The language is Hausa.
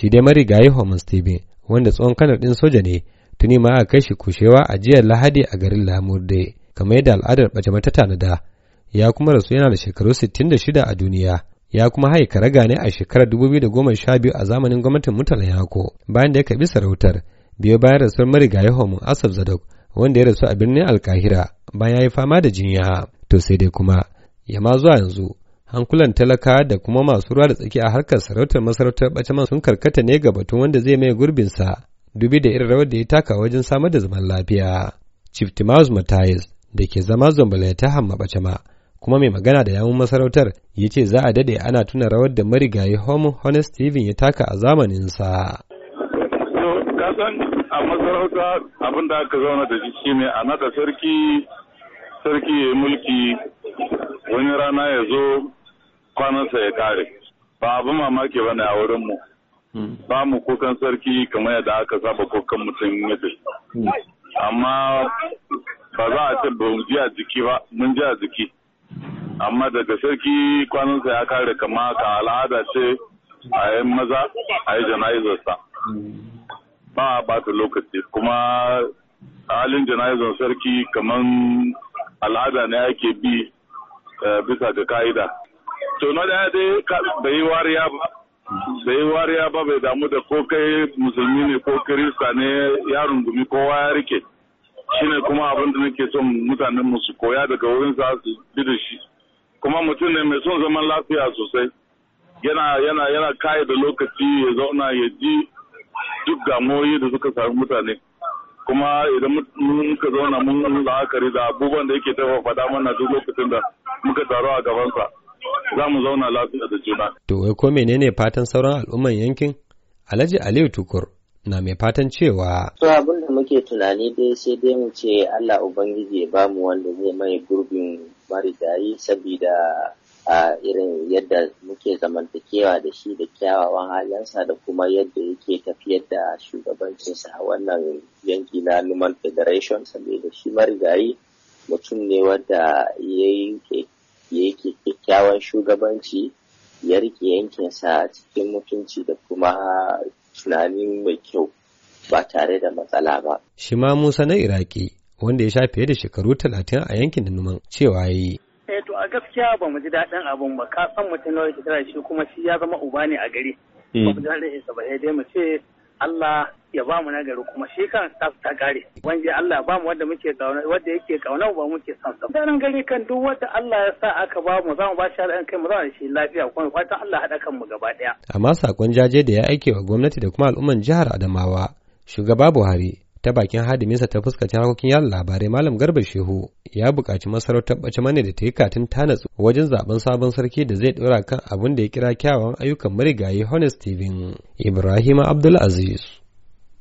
shi dai marigayi Homer wanda tsohon kanar ɗin soja ne tuni ma aka kai shi kushewa a jiya Lahadi a garin Lamurde kamar yadda al'adar ɓace ta tanada ya kuma rasu yana da shekaru 66 a duniya ya kuma haika raga ne a shekarar 2012 a zamanin gwamnatin Murtala Yako bayan da ya karɓi sarautar biyo bayan rasuwar marigayi Homer Asaf Zadok wanda ya rasu a birnin Alkahira bayan ya yi fama da jinya to sai dai kuma yama zuwa yanzu hankulan talaka da kuma masu ruwa da tsaki a harkar sarautar masarautar bacaman sun karkata ne ga batun wanda zai mai gurbinsa dubi da irin rawar da ya taka wajen samar da zaman lafiya chief timaus matthias da ke zama zombala ta hamma bacama kuma mai magana da yawun masarautar ya ce za a dade ana tuna rawar da marigayi home honest steven ya taka a zamaninsa kasan a masarauta abin da aka zauna da shi ne a nada sarki sarki ya mulki wani rana ya zo kwanansa ya kare ba abu mamaki ba ne a wurin mu hmm. ba mu kukan sarki kamar yadda aka saba kukan mutum yadda hmm. amma ba za a ce ba mu ji a jiki ba mun ji a jiki amma daga sarki kwanansa ya kare kama ka al'ada ce a yi maza a yi jana'izarsa hmm. ba a bata lokaci kuma halin jana'izar sarki kamar al'ada ne ake bi eh, bisa ga ka'ida to na ka da yi wariya ba bai wariya ba bai damu da ko kai musulmi ne ko kirista ne ya rungumi kowa ya rike shine kuma abin da nake son mutanen mu su koya daga wurin sa su bi da shi kuma mutum ne mai son zaman lafiya sosai yana yana yana kai da lokaci ya zauna ya ji duk damuwoyi da suka sami mutane kuma idan muka zauna mun la'akari da abubuwan da yake tafa faɗa mana duk lokacin da muka taru a gabansa za mu zauna lafiya da juna. To wai ko menene fatan sauran al'umman yankin? Alhaji Aliyu Tukur na mai fatan cewa. To abin da muke tunani dai sai dai mu ce Allah Ubangiji ya bamu wanda zai mai gurbin marigayi sabida a irin yadda muke zamantakewa da shi da kyawawan halinsa da kuma yadda yake tafiyar da shugabancinsa a wannan yanki na Numan Federation saboda shi marigayi mutum ne wanda ya yi ya yake kyakkyawan shugabanci ya rike yankinsa a cikin mutunci da kuma tunani mai kyau ba tare da matsala ba. Shi ma Musa na Iraki wanda ya sha fiye da shekaru talatin a yankin da Numan cewa ya yi. Eh to a gaskiya ba mu ji daɗin abin ba ka san mutum ya shi kuma shi ya zama uba ne a gari. Hmm. Ba mu ji daɗin isa ba sai dai mu ce Allah ya ba mu nagari kuma shi kan staff ta kare wanda Allah ba mu wanda muke kauna wanda yake kauna ba muke son sa dan gari kan duk wanda Allah ya sa aka ba mu za mu ba shi alƙan kai mu za mu shi lafiya kuma fatan Allah hada kan mu gaba daya amma sakon jaje da ya aike wa gwamnati da kuma al'umman jihar Adamawa shugaba Buhari ta bakin hadiminsa ta fuskacin harkokin yada labarai malam garba shehu ya buƙaci masarautar ɓace mane da ta yi katin tanatsu wajen zaben sabon sarki da zai ɗora kan abin da ya kira kyawawan ayyukan marigayi honest steven ibrahim abdulaziz